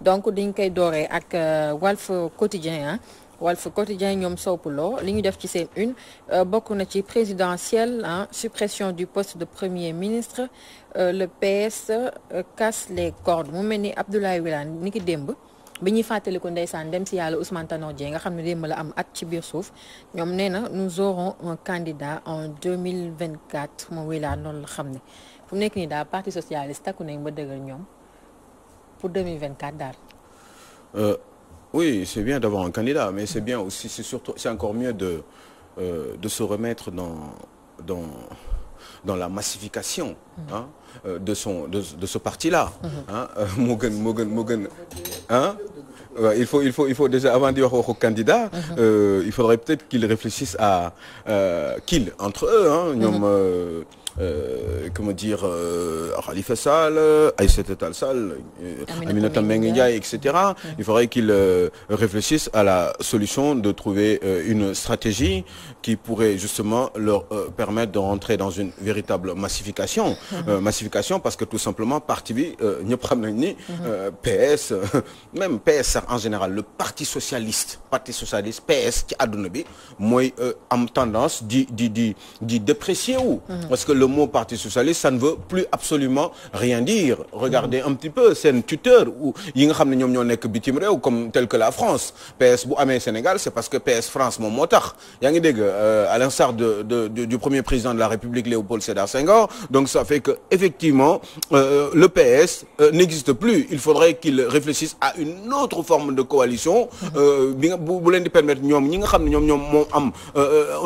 donc dañ koy dooree ak euh, Walf Quotidien Walf Quotidien ñoom soppuloo li ñu def ci seen une euh, bokk na ci présidentielle ah suppression du poste de premier ministre euh, le PS casse les cordes mu mel ni Abdoulaye Wilane ni ki démb bi ñuy fàttaliku ndeysaan dem si yàlla Ousmane Tanor Dieng nga xam ne démb la am at ci biir suuf ñoom nee na nous aurons un candidat en 2024 moom Wilane noonu la xam ne fu nekk nii daal parti socialiste takku nañ ba dëggal ñoom pour 2024 daal. Euh, oui c'est bien d'avoir un candidat mais c'est bien aussi c'est surtout c'est encore mieux de euh, de se remettre dans dans dans la massification. ah de son de de ce parti-là. ah moo gën moo gën moo gën ah. waaw il faut il faut il faut déjà avant di wax waxu candidat. Mmh. Euh, il faudrait peut-être qu'ils réfléchissent à euh, qu'ils entre eux ah ñoom. Mmh. Euh, Euh, comment dire Khalifa euh, Sall euh, Aïssata Tall Sall Aminata Mbengue Ndiaye etc il faudrait qu'ils réfléchissent à la solution de trouver une stratégie qui pourrait justement leur permettre de rentrer dans une véritable massification parce que tout simplement parti bi ñëpp xam nañ ni PS même PS sax en général le parti socialiste parti socialiste PS ci àdduna bi mooy am tendance di di di déprécier wu parce que le mot parti socialiste ça ne veut plus absolument rien dire regardez un petit peu seen tuteur ou yi nga xam ne ñoom ñoo nekk bitim réew comme tel que la France PS bu amee Sénégal c'est parce que PS France moom moo tax yaa ngi dégg euh, à l'instar de, de, de du premier président de la République Léopold Sédar Senghor donc ça fait que effectivement euh, euh le PS euh, n'existe plus il faudrait qu'il réfléchisse à une autre forme de coalition euh, bi nga bu leen di permettre ñoom ñi nga xam ne ñoom ñoom moom am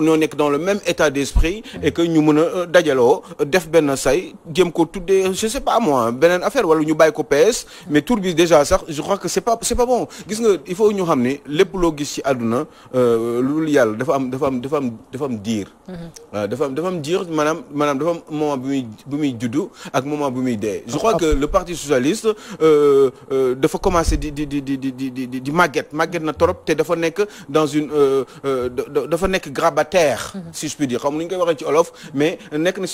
ñoo nekk dans le même état d'esprit et que ñu mën a dajaloo booloo def benn say jéem ko tuddee je sais pas moi beneen affaire wala ñu bàyyi ko PS mais tour bi déjà sax je crois que c'est pas c'est bon gis nga il faut ñu xam ni lépp loo gis ci àdduna loolu euh, yàlla dafa am dafa am dafa am dafa am diir mm-hmm. dafa am dafa am diir maanaam maanaam dafa am moment bu muy bu muy juddu ak moment bu muy dee je crois que le parti socialiste euh, euh, dafa commencé di di di di di di di màgget màgget na torop te dafa nekk dans une dafa nekk grabataire mm-hmm. si je puis dire xam lu ñu koy waxee ci olof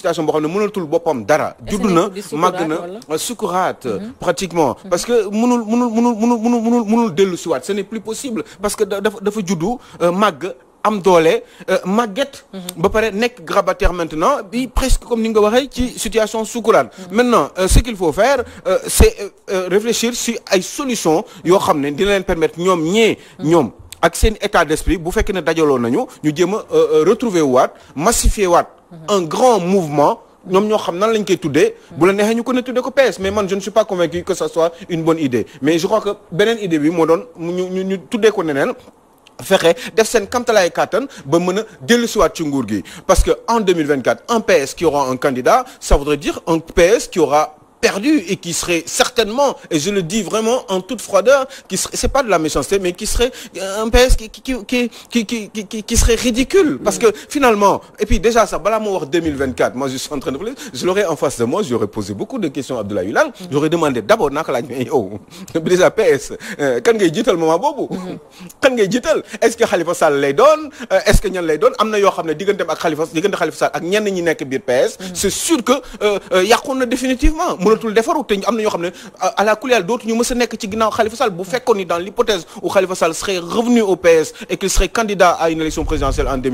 situation boo xam ne mënatul boppam dara. judd na màgg na euh, sukuraat euh, mm-hmm. pratiquement mm-hmm. parce que mënul mënul mënul mënul mënul mënul dellu si waat ce n'est plus possible parce que dafa dafa juddu euh, màgg. am doole màgget. Mm-hmm. ba pare nekk grabataire maintenant bi presque comme ni nga waxee ci situation sukkuraan. maintenant ce qu'il faut faire c'est réfléchir sur ay solutions yoo xam ne dina leen permettre ñoom ñee ñoom. ak seen état d'esprit bu fekkee ne dajaloo nañu ñu jéem a retrouver waat massifier waat. Mm-hmm. un grand mouvement ñoom ñoo xam nan lañ koy tuddee mm-hmm. bu la neexee ñu ko ne tuddee ko PS mais man je ne suis pas convaincu que ça soit une bonne idée mais je crois que beneen idée bi moo doon ñu ñu tuddee ko neneen fexe def seen kamtalaay kàttan ba mën a dellusiwaat ci nguur gi parce que en 2024 un PS qui aura un candidat ça voudrait dire un PS qui aura perdus et qui seraient certainement, et je le dis vraiment en toute froideur, c'est pas de la méchanceté, mais qui serait euh, un PS qui, serait ridicule. Parce que finalement, déjà ça, balaa je suis en train de vous je l'aurais en face de moi, j'aurais posé beaucoup de questions à Abdoulaye Wilane, j'aurais demandé d'abord naka la PS, euh, kan ngay jiital moment boobu. Mhm. kan que Khalifa Sall lay doon euh, est que ñan lay doon am na yoo xam ne digganteem ak Khalifa diggante Khalifa Sall ak ñenn PS. Mhm. c'est sûr que yàqoon na définitivement. mënatul defaru te am na ñoo xam ne à euh, la kuliyal dootu ñu mës a nekk ci ginnaaw Khalifa Sall bu fekkoon dans l'hypothèse où Khalifa Sall serait revenu au PS et qu'il serait candidat à une élection présidentielle en bu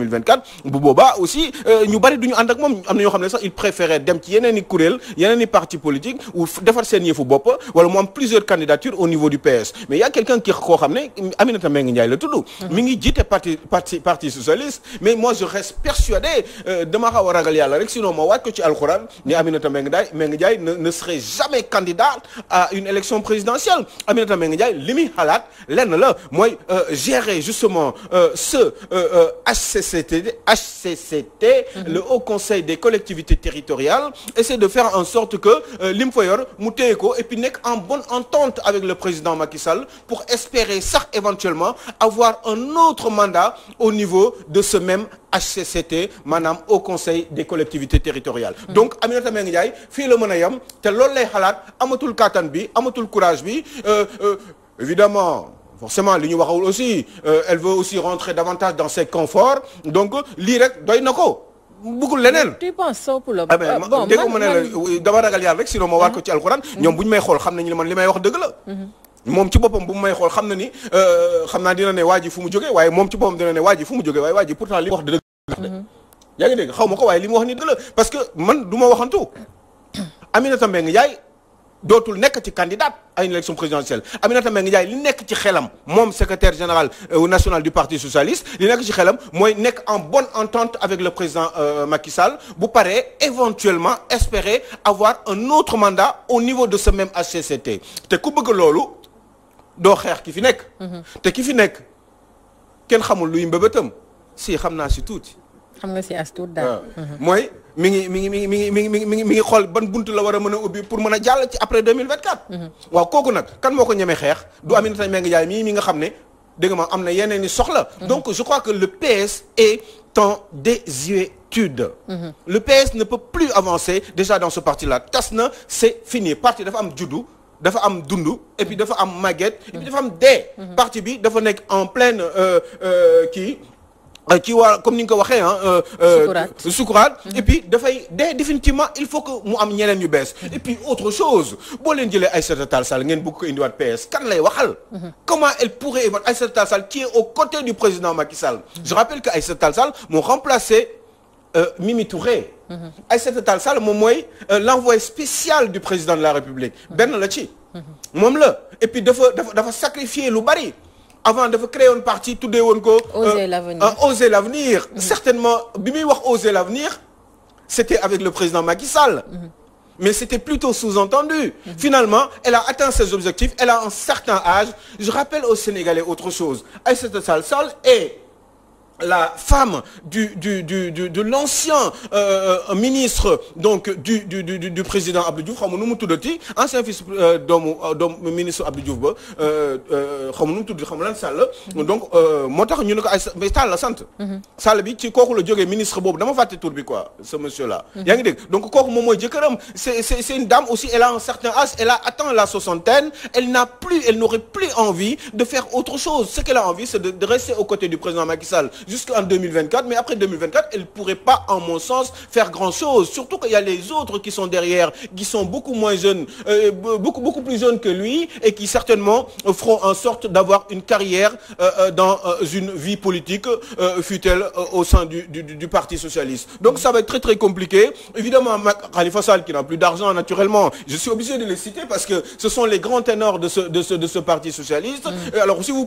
boobaa aussi euh, ñu bari du ñu ànd ak moom am na ñoo xam ne sax il préférait dem ci yeneen i kuréel parti politique ou defar seen yëfu bopp wala mu plusieurs candidatures au niveau du PS mais y quelqu'un qui xam ne Aminata Mbengue serai jamais candidat à une élection présidentielle Aminata Mbengue Ndiaye li muy xalaat lenn la mooy euh, gérer justement euh, ce HCCT euh, HCCT mhm. le Haut Conseil des collectivités territoriales essayer de faire en sorte que li mu fa yor mu téye ko et puis nekk en bonne entente avec le président Macky Sall pour espérer sax éventuellement avoir un autre mandat au niveau de ce même HCCT maanaam au Conseil des collectivités territoriales mhm. donc Aminata Mbengue Ndiaye loolu lay xalaat amatul kàttan bi amatul courage bi euh, euh, évidemment forcément li ñu waxawul aussi euh, elle veut aussi rentrer davantage dans ses conforts donc lii rek doy na ko bëggul leneen. tu penses ah, soppu la. ma dama ragal yàlla rek sinon ma war ci alxuraan. Mhm. ñoom bu ñu may xool xam nañu ne man li may wax dëgg la. Mhm. moom ci boppam bu mu may xool xam na ni xam naa dina ne waa ji fu mu jógee waaye moom ci boppam dina ne waa ji fu mu jógee waaye waa ji pourtant li mhm. xaw ma ko waaye li mu wax ni dëgg la parce que man du ma waxantu. Aminata Mbengue Ndiaye dootul nekk ci candidat à une élection présidentielle Aminata Mbengue Ndiaye li nekk ci xelam moom secrétaire général euh, national du parti socialiste li nekk ci xelam mooy nekk en bonne entente avec le président euh, Macky Sall bu paree éventuellement espérer avoir un autre mandat au niveau de ce même HCCT te ku bëgg loolu doo xeex ki fi nekk. Mhm. te ki fi nekk kenn xamul luy mbëbëtam si xam naa si tuuti. xam nga si as tuut daal. mooy mi ngi mi ngi mi ngi mi ngi mi ngi mi ngi mi ngi xool ban bunt la war a mën a ubbi pour mën a jàll ci après mhm. waaw kooku nag kan moo ko ñemee xeex du Aminata Mbengue Ndiaye mii mi nga xam ne dégg ma am na yeneen i soxla. Mhm. donc je crois que le PS est en désuétude. Mhm. le PS ne peut plus avancer déjà dans ce parti là tas na c'est fini parti dafa am juddu. dafa am dundu et dafa am màgget et dafa am dee parti bi dafa nekk en pleine euh, euh, kii Euh, ci waa comme ni nga ko waxee ah. sukuraat sukuraat mhm. et puis dafay dee définitivement il faut que mu am ñeneen yu bees. Mhm. et autre chose boo leen jëlee Aïssata Tall Sall ngeen bëgg ko indiwaat PS kan lay waxal. Mhm. comment elle pourrait évoquer Aïssata Tall Sall qui est aux côtés du président Macky Sall. je rappelle que Aïssata Tall Sall moo remplacé Mimi Touré. Aïssata moom mooy l'envoyé spécial du président de la République. benn la ci. moom la et puis dafa dafa dafa sacrifier lu bari. avant dafa créé woon parti tuddee woon ko. Euh, oser l'avenir euh, oser l'avenir mm-hmm. certainement bi muy wax oser l'avenir c'était avec le président Macky Sall. Mm-hmm. mais c'était plutôt sous-entendu. Mmh. finalement elle a atteint ses objectifs elle a un certain âge je rappelle aux Sénégalais autre chose Aïssata Tall Sall est la femme du du du du de l'ancien euh, euh ministre donc du du du du président Abdou Diouf xaw ma nu mu tuddati ancien fils euh, doomu euh, doomu ministre Abdou Diouf ba xaw ma nu mu tuddati xaw ma lan Sall. Mhm. donc moo tax ñu ne ko ay mais Sall la sant. Mhm. Sall bi ci kooku la jógee ministre boobu dama fàtte tur bi quoi ce monsieur là. Mhm. yaa ngi dégg donc kooku moom mooy jëkkëram c'est c'est c'est une dame aussi elle a un certain âge elle a atteint la soixantaine elle n'a plus elle n'aurait plus envie de faire autre chose ce qu'elle a envie c'est de de rester aux côtés du président Macky Sall. jusqu'en 2024, mais après 2024, elle ne pourrait pas, en mon sens, faire grand-chose. Surtout qu'il y a les autres qui sont derrière, qui sont beaucoup moins jeunes, euh, que lui, et qui certainement feront en sorte d'avoir une carrière euh, euh, dans euh, une vie politique, euh, au sein du, Parti socialiste. Donc ça va être très compliqué. Évidemment, Khalifa Sall, qui n'a plus d'argent naturellement, je suis obligé de les citer parce que ce sont les grands ténors de ce, Parti socialiste. Mm. si vous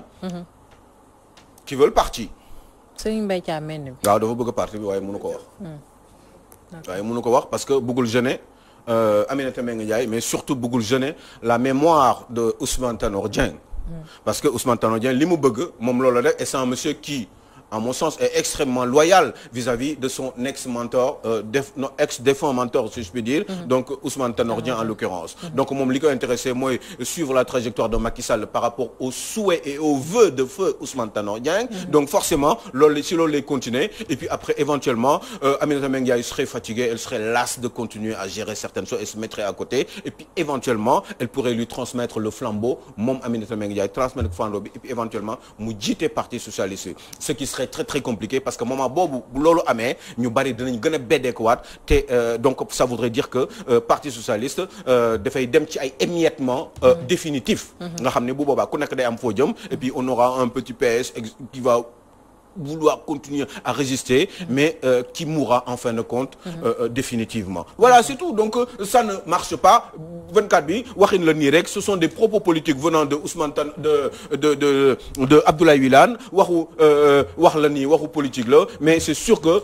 am. qui veulent parti. Serigne Mbaye Thiam mel ni. waaw dafa bëgg parti bi waaye mënu ko wax. Hmm. waaye nu ko wax parce que bëggul gêner euh, Aminata Mbengue Ndiaye mais surtout bëggul gêner la mémoire de Ousmane Tanor hmm. parce que Ousmane Tanor Dieng li mu bëgg moom loola def et c'est monsieur qui. à mon sens, est extrêmement loyal vis-à-vis -vis de son ex-mentor, euh, mentor, si je puis dire, mhm. donc Ousmane Tanordien en mhm. l'occurrence. Mhm. Donc moom li ko intéressé mooy suivre la trajectoire de Macky Sall par rapport aux souhaits et aux vœux de feu Ousmane Tanor Dieng. Donc forcément, loolu si loolu lay continuer et puis après éventuellement euh, Aminata Mbengue Ndiaye serait fatiguée, elle lasse de continuer à gérer certaines choses, elle se mettrait à côté et éventuellement, elle pourrait lui transmettre très très très compliqué parce que moment boobu loolu amee ñu bari dinañ gën a beddeekuwaat te euh, donc ça voudrait dire que euh, parti socialiste euh, dafay dem ci ay émiettement mm-hmm. définitif mm-hmm. nga xam ne bu boobaa ku nekk day am foo jëm et on aura un petit PS qui va vouloir continuer à résister mais euh, qui mourra en fin de compte euh, euh définitivement voilà c'est tout donc euh, ça ne marche pas 24 bi waxin la nii rek ce sont des propos politiques venant de Ousmane Tan de de de de Abdoulaye Wilane waxu euh, wax la nii waxu politique la mais c'est sûr que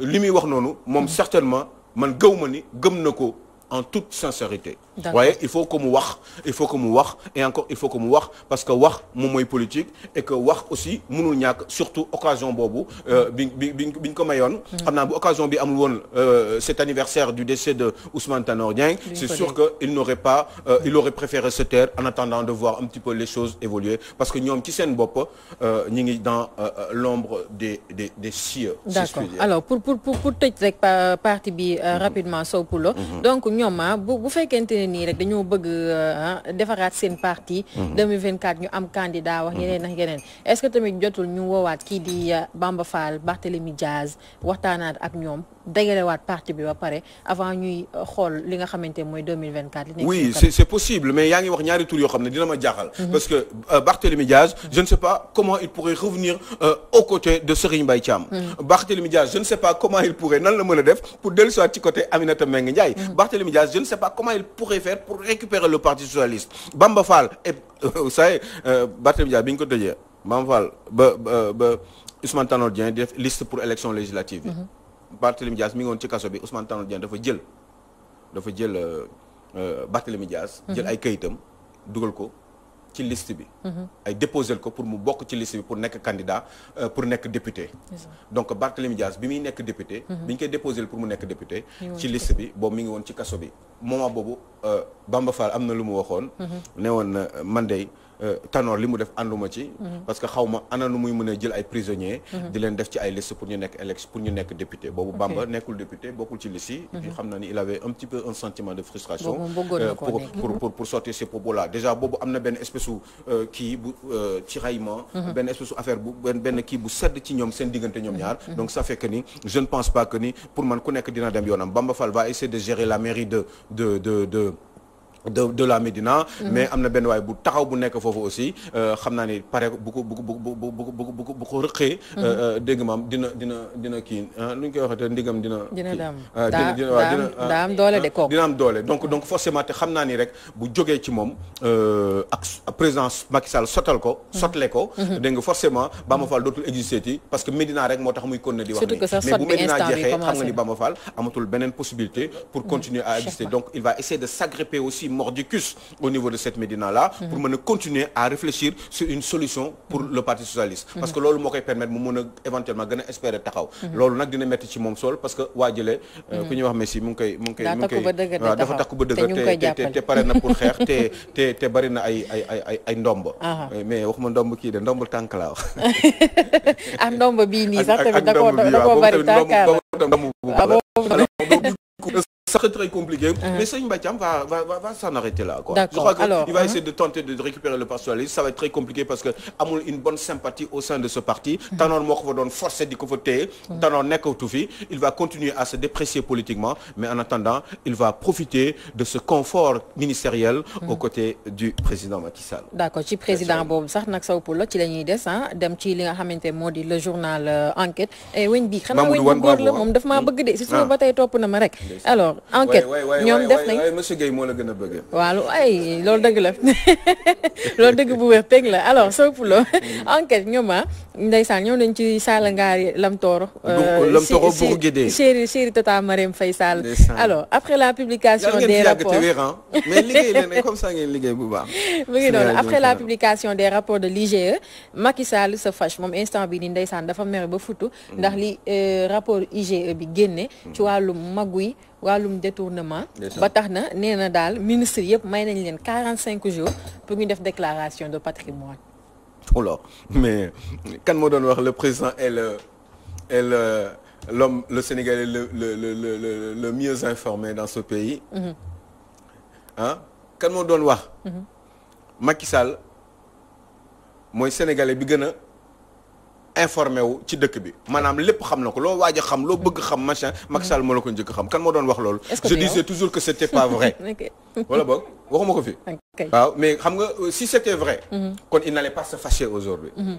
li muy wax noonu moom certainement man gëw ma ni gëm na ko en toute sincérité waaye il faut que mu wax il faut mu wax et encore il faut que mu parce que wax moom mooy politique et que wax aussi mënul ñàkk surtout occasion boobu euh, bi bi bi ñu ko mayoon mm-hmm. xam naa bu occasion bi amul woon euh, cet anniversaire du décès de Ousmane Tanor Dieng c'est sûr que il n'aurait pas euh, mm-hmm. préféré se taire en attendant de voir un petit peu les choses évoluer parce que ñoom ci sen bop euh, ñi ngi dans euh, l'ombre des des des cieux d'accord alors pour pour pour tëj rek partie bi mm-hmm. rapidement Sow Poulo ñoom ah bu bu fekkente ne nii rek dañoo bëgg ah, defaraat seen parti. Mhm. vingt 2024 ñu am candidat wax mhm. yeneen ak yeneen est-ce que tamit jotul ñu woowaat kii di ah, Bamba Fall Barthélémy Diaz waxtaanaat ak ñoom. dajalewaat parti bi ba pare avant ñuy euh, xool li nga xamante mooy oui c'est possible mais yaa ngi wax ñaari yoo xam ne dina ma jaaxal. Mhm. parce que euh, Barthélémy Diaz mhm. je ne sais pas comment il pourrait revenir euh, aux côtés de Serigne Mbaye Thiam. Mhm. Barthélémy Diaz je ne sais pas comment il pourrait nan la mën a def pour dellusiwaat ci côté Aminata Mbengue Ndiaye. Barthélémy Diaz je ne sais pas comment il pourrait faire pour récupérer le parti socialiste Bamba Fall et ko tëjee Bamba ba ba ba Ousmane Tanor Dieng di def liste pour élection législative yi. Barthélemy Dias mi ngi woon ci kaso bi Ousmane Tanor Dieng dafa jël dafa jël euh, euh, Barthélemy Dias mhm. jël ay kayitam dugal ko ci liste bi mhm. ay déposé ko pour mu bokk ci liste bi pour nekk candidat euh, pour nekk député donc Barthélemy Dias bi muy nekk député mhm. bi ñu koy déposé pour mu nekk député ci list bi boobu mi ngi woon ci kaso bi moment boobu Euh, Bamba Fall am na lu mu waxoon. Mhm. ne woon na euh, man de euh, Tanor li mu def ànduma ci. Mhm. parce que xaw ma ana nu muy mën a jël ay prisonniers. Mhm. di leen def ci ay liste pour ñu nekk élection pour ñu nekk député boobu Bamba nekkul député bokkul ci liste yi. xam na ni il avait un petit peu un sentiment de frustration. pour pour pour pour sortir ces propos là déjà boobu am na benn espèce kii bu ci benn espèce su bu benn kii bu sedd ci ñoom seen diggante ñoom ñaar. donc ça fait que pense pas ku nekk dina dem yoonam Bamba Fall va essayer de de de la Médina. Mhm. mais am na benn waay bu taxaw bu nekk foofu aussi euh, xam naa ni pare bu ko rëqee. dégg maam dina dina dina kii lu ah, ñu koy waxee te ndigam dina. dina daam ah, daa daa ah, am doole de kooku dina am doole donc donc forcément te xam naa ni rek bu jógee ci moom euh, ak présidence Macky Sall sottal ko. Mhm. sottale ko. Mhm. dégg nga forcément Bamba Fall dootul exister ti parce que Médina rek moo tax muy continuer di wax. surtout que sax sot bi mais bu Médina jeexee xam nga ni amatul beneen possibilité. pour continuer à exister mordicus au niveau de cette médina là mhm. pour mën a continuer à réfléchir sur une solution pour le parti socialiste mhm. parce que loolu moo koy permettre mu mën a éventuellement gën a espérer taxaw mhm. loolu nag dina metti ci moom sol parce que waa jëlee euh, ku ñuy wax Messi mu ngi koy mu ngi koy mu ngi koy dafa takku ba dëgg te te na pour xeex te te te ay ay ay ndomb euh, mais waxuma ndomb kii de ndomb tànk laa wax ndomb bii nii sax tamit da koo da koo bari tànkaar la C'est très compliqué. Mmh. Mais Serigne Mbaye Thiam va va va, va s'en arrêter là quoi. D'accord. Alors, il va essayer de tenter de récupérer le personnalisme, ça va être très compliqué parce que amul une bonne sympathie au sein de ce parti. Mmh. Tanoon moo ko fa doon forcer di ko fa fi, il va continuer à se déprécier politiquement, mais en attendant, il va profiter de ce confort ministériel mmh. aux côtés du président Macky Sall. Ci président boobu sax nag saw pula ci la ñuy des ah dem ci li nga xamante moo di le journal euh, Enquête. Eh, weñ ordre enquête ñoom def nañ waaye monsieur moo la gën a bëgg waaw ay loolu dëgg la loolu dëgg bu wér peg la alors soo pulo mm. enquête ñoom ah ndeysaan ñëw nañ ci Salla Ngaari Lamtooro euh, Lamtooro bu Guédé chéri chéri tata Marème Faye Sall alors après la publication des rapports mais liggéey bu baax mu ngi noonu après la publication des rapports de l'IGE Macky Sall se fâche moom instant bi ni ndeysaan dafa mer ba futu mm. ndax li euh, rapport IGE bi génne mm. ci wàllu magu yi wàllum détournement ba tax na nee na daal ministre yëpp may nañ leen quarante cinq jours pour ñu def déclaration de patrimoine alors mais kan moo doon wax le président est le est le le le le le le le mieux informé dans ce pays ah kan moo doon wax mhm. Macky Sall mooy bi gën informé ci dëkk bi maanaam lépp xam na ko loo waaj a xam loo bëgg xam machin Macky Sall moo la ko njëkk xam kan moo doon wax loolu je disais toujours que c'était pas vrai wala boog waxuma ko fi waaw mais xam nga euh, si c'était vrai mm-hmm. kon il n'allait pas se fâcher aujourd'hui mm-hmm.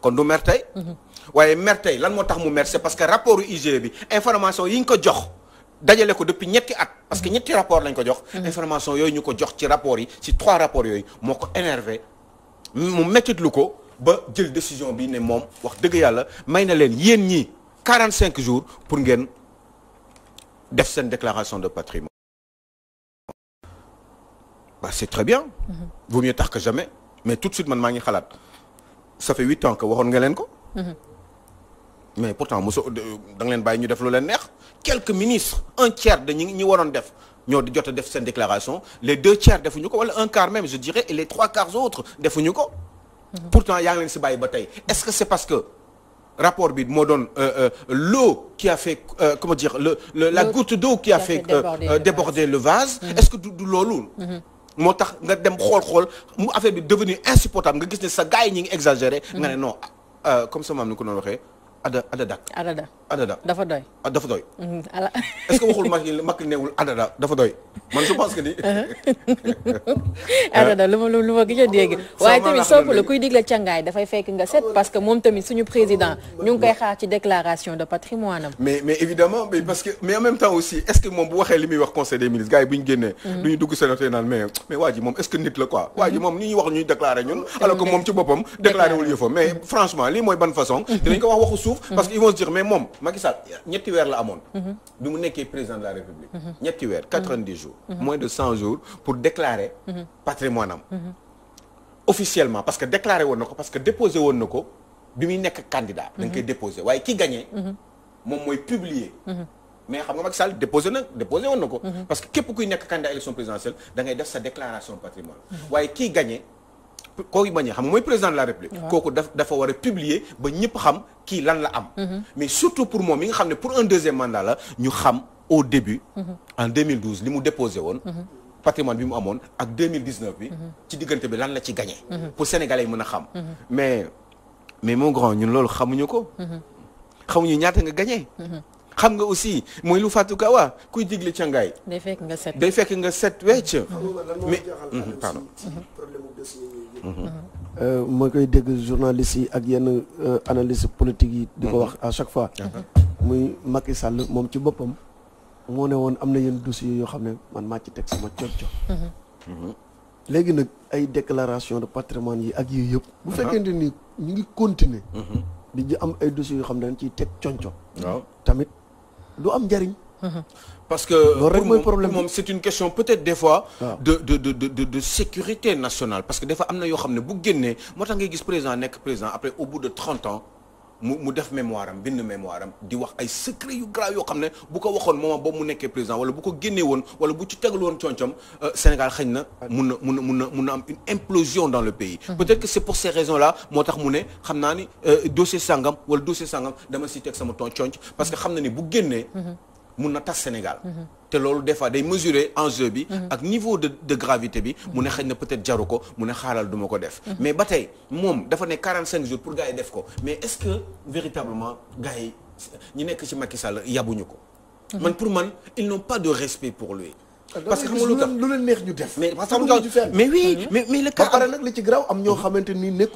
kon du mer mm-hmm. waaye mer tey moo tax mu mer c'est parce que rapport IGE bi information yi ko jox dajale ko depuis ñetti at parce que ñetti rapport lañ ko jox information yooyu ñu ko jox ci rapport yi ci trois rapports ba jël décision bi ne moom wax dëgg yàlla may na leen yéen ñii 45 jours pour ngeen def seen déclaration de patrimoine. waaw c'est très bien. Mm-hmm. vaut mieux tax que jamais mais tout de suite man maa ngi xalaat ça fait huit ans que waxoon nga leen ko. Mm-hmm. mais pourtant mosu da nga leen bàyyi ñu def lu leen neex quelques ministres un tiers de ñi ñi waroon def ñoo di jot def seen déclaration les deux tiers ñu ko wala un quart même je dirais et les trois quarts autres defuñu ko. pourtant yaa ngi leen si bàyyi ba tey est-ce que c'est parce que rapport bi moo doon euh, euh, l'eau qui a fait euh, comment dire le, le la goutte d'eau qui a fait euh, déborder, euh, déborder le vase mm -hmm. est-ce que du loolu mm-hmm. moo tax nga dem xool-xool mu affaire bi devenu insupportable nga gis ne sa gars yi ñi ngi exagéré nga ne non comme sa maam ni ko noonu waxee ada adada. dafa doy. ah dafa doy. Mm-hmm. ala est-ce que waxul Macky Macky dafa doy man je pense que ni. Uh-huh. adada lu ma lu ma gis a dégg. waaye tamit sopp la kuy digle càngaay dafay fekk nga set parce que moom tamit suñu président ñu ngi koy xaar ci déclaration de patrimoine mais évidemment parce que mais en même temps aussi est-ce que moom bu waxee li muy wax conseil des ministres gars yi bu ñu génnee. Mm-hmm. du ñu dugg sénateur naan mais mais waa ji moom est-ce que foofu mhm. parce que ils vont se dire mais moom Macky Sall ñetti weer la amoon mhm. bi mu nekkee président de la République mhm. ñetti weer quatre-vingt-dix jours moins de cent jours pour déclarer patrimoine am officiellement parce que déclaré woon na ko parce que déposé woon na ko bi muy nekk candidat da nga waaye ki gagné moom mooy publier mais xam nga Macky Sall déposé na déposé woon na ko parce que képp kuy nekk candidat élection présidentielle da def sa déclaration kooku bañ xam mooy président de la république kooku dafa war a publier ba ñëpp xam kii lan la am mm-hmm. mais surtout pour moom mi nga xam ne pour un deuxième mandat la ñu xam au début mm-hmm. en li mu déposé woon mm-hmm. patrimoine bi mu amoon ak 2019 bi ci diggante bi lan la ci gagné pour sénégalais yi mën a xam mais mais mon grand ñun loolu xamuñu ko xamuñu ñaata nga gagné xam nga aussi mooy lu Fatou Ka wax kuy digle cangaay day fekk nga set day fekk nga set wecc. Mm-hmm. mais mm-hmm, pardon. Mm-hmm. Euh, ma koy dégg journaliste yi ak yenn euh, analyste politique yi. di ko wax à chaque fois. muy Macky sàll moom ci boppam. moo ne woon am na yenn dossiers yoo xam ne man maa ci teg sama coono léegi nag ay déclaration de patrimoine yi ak yii yëpp. bu fekkente ni ñu ngi continuer. di am ay dossiers yoo xam ne dañ ci teg coono tamit du am njariñ parce que loolu mooy problème moom c'est une question peut-être des fois ah. de de de de de sécurité nationale parce que des fois am na yoo xam ne bu génnee moo tax ngay gis président nekk président après au bout de trente ans mu mu def mémoire am bind mémoire am di wax ay secret yu grave yoo xam ne bu ko waxoon moment boobu mu nekkee président wala bu ko génnee woon wala bu ci tegul woon concom euh, Sénégal xëy na mun na mun na mun na mun na am une implosion dans le pays mhm. peut-être que c'est pour ces raisons là moo tax mu xam naa ni euh, dossier sangam wala dossier sàngam dama si teg sama ton conc parce que xam na ni bu génnee mhm. mun na tas Sénégal. te loolu des fois day mesurer enjeu bi. ak niveau de de gravité bi. mu ne xëy na peut-être jaru ko mu ne xaaral duma ko def. mais ba tey moom dafa ne 45 jours pour gars yi def ko mais est-ce que véritablement gars yi ñi nekk ci Macky Sall yabuñu ko. man pour man ils n'ont pas de respect pour lui. Ah, parce que xam nga lu leen neex ñu def. mais parce que mais oui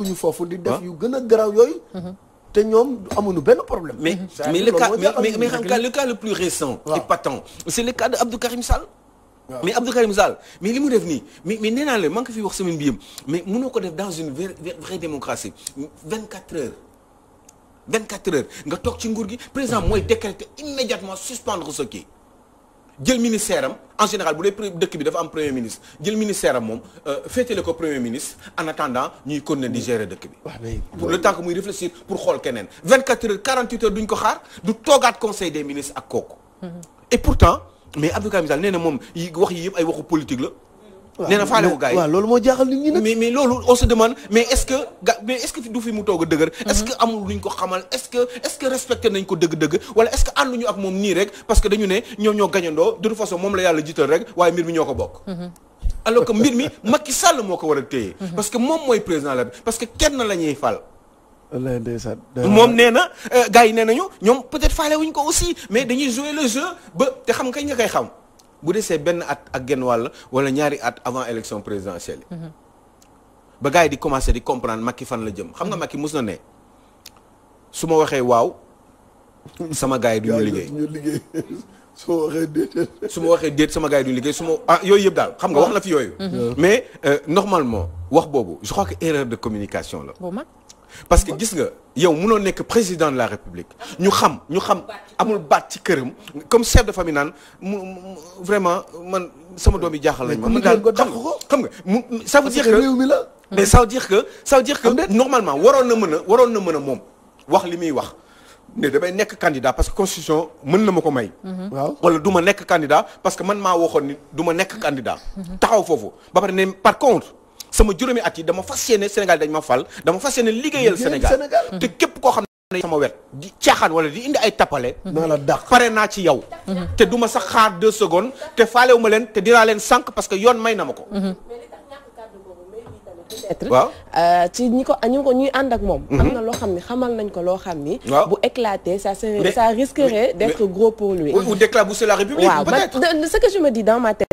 mhm. foofu di def ah. yu gën a garaaw yooyu. Mhm. te ñoom amuñu benn problème. mais mais le cas mais mais xam le plus récent. waaw épatant c'est le cas de Abdou Karim Sall. mais Abdou Karim Sall mais li mu def nii mais mais nee naa la fi wax semaine bi yëpp mais mënoo ko def dans une vraie vraie démocratie 24 heures. 24 heures nga toog ci nguur gi président mooy décréter immédiatement suspendre ce kii. jël ministère am en général bu dee dëkk bi dafa am premier ministre jël ministère am moom euh, féetale ko premier ministre en attendant ñuy continuer di gérer dëkk bi. pour le temps que muy réfléchir pour xool keneen 24 heures 48 heures duñ ko xaar du toogaat conseil des ministres ak kooku. Mm-hmm. et pourtant mais Abdou Karim Sall moom wax yi yëpp ay waxu politique la. nee na faale ko gars yi waaw loolu moo jaaxal nit ñi nag. mais mais est-ce que du fi mu toog a dëgër. Mm-hmm. est-ce que amul luñ ko xamal est-ce que est-ce que respecté nañ ko dëgg-dëgg wala est-ce que ànduñu ak moom nii rek parce que dañu ne ñoo mm-hmm. mm-hmm. mooy président que kenn la ñuy fal. wallaay na euh, gars yi nee ñoom peut-être faale wuñ ko aussi mais dañuy jouer le jeu ba te xam kañ nga koy xam bu desee benn at ak genn wàll wala ñaari at avant élection présidentielle yi ba gars yi di commencer di comprendre Macky fan la jëm xam nga Macky mus na ne su ma waxee waaw sama gars yi du ñu liggéey su ma waxee déet su ma waxee déet sama gars yi duñu liggéey su ma ah yooyu yëpp daal xam nga wax na fi yooyu mais euh, normalement wax boobu je crois que de communication la parce que gis nga yow munoo nekk président de la république ñu xam ñu xam amul baat ci këram comme chef de famille naan mu vraiment man sama doom yi jaaxal lañ ma. man daal xam nga xam nga mu ça réew mi la. mais ça veut dire que ça veut normalement waroon na mën a waroon na mën a moom wax li muy wax. ne damay nekk candidat parce que constitution mën na ma ko may. Mhm. waaw wala nekk candidat parce que man maa waxoon ni du ma nekk candidat. Mhm. taxaw foofu ba pare ne par contre. sama juróomi at yi dama fas yéene Sénégal dañ ma fal dama fas yéene liggéeyal Sénégal te képp koo xam ne sama wet di caaxaan wala di indi ay tappale naa la dàq pare naa ci yow te duma sax xaar deux secondes te faalewu ma leen te dinaa leen sànq parce que yoon may na ma ko mhm. waaw euh, ci ñi ko ñu ko ñu ànd ak moom. am mhm. na loo xam ne xamal nañ ko loo xam ni. bu éclater ça ça risquerait d'être gros pour lui. ou déclabousser la République. waaw ce que je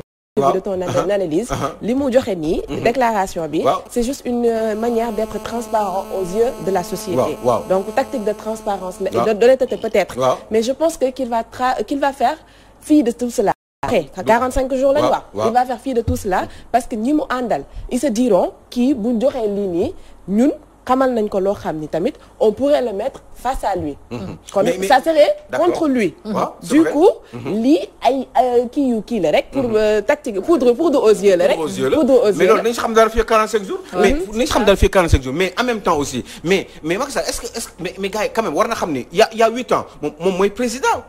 de ton analyse uh-huh. li mu joxe nii mm-hmm. déclaration bi c'est juste une euh, manière d'être transparent aux yeux de la société donc tactique de transparence et d'honnêteté peut-être mais je pense que qu'il va qu'il va faire fi de tout cela après 45 mm-hmm. jours lañu wax il va faire fi de tout cela parce que ñi mu àndal ils se diront kii bu joxee lii nii xamal nañ ko loo xam ni tamit on pourrait le mettre face à lui mhm. kon ça serait contre lui mhm. ah, du coup mhm. lii ay euh, kii yu kii la rek pour euh, tactique poudre poudre aux yeux la rek poudre aux yeux mais loolu nañ si xam dara fii 45 jours mais nañ si xam dara fii 45 jours mais en même temps aussi mais mais Macky Sall est-ce que est-ce que mais gars yi quand même war na xam ni y a y a huit ans moom moom mooy président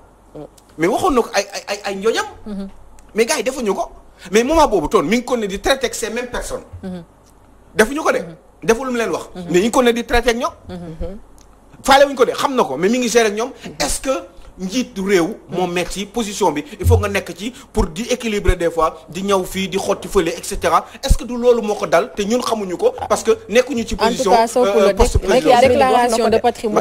mais waxoon na ko ay ay ay njooñam mais gars yi defuñu ko mais moment boobu toon mi ngi kon ne di traité ak ces mêmes personnes defuñu ko de deful lu leen wax. mais ñu ngi ko ne di traité ño ñoom. Mhm. faale wuñ ko de xam na ko mais mi ngi gérer ak ñoom mhm. est-ce que. njiitu réew moo mm. metti ci position bi il faut nga nekk ci pour di équilibrer des fois di ñëw fii di xotti fële et est-ce que du loolu moo ko dal te ñun xamuñu ko parce que nekkuñu ci position euh, poste présidentielle déclaration de bi mi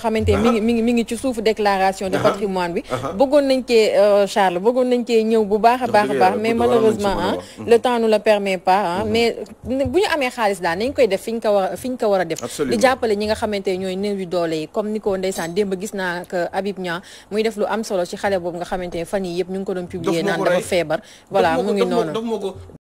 ah. ngi mi ngi mi ngi ci suuf déclaration de ah. patrimoine ah. bëggoon nañ cee euh, Charles bëggoon nañ cee ñëw bu baax a baax a baax mais malheureusement mm. le temps nous le permet pas mm-hmm. mais bu ñu amee xaalis daal nañ koy def fi ñu ko war fi ñu ko war a def di jàppale ñi nga xamante ñooy néew yu doole yi comme ni ko ndeysaan démb gis naa que Habib Niang muy def lu am solo ci xale boobu nga xamante ne fan yii yëpp ñu publier naan dafa feebar voilà mu ngi noonu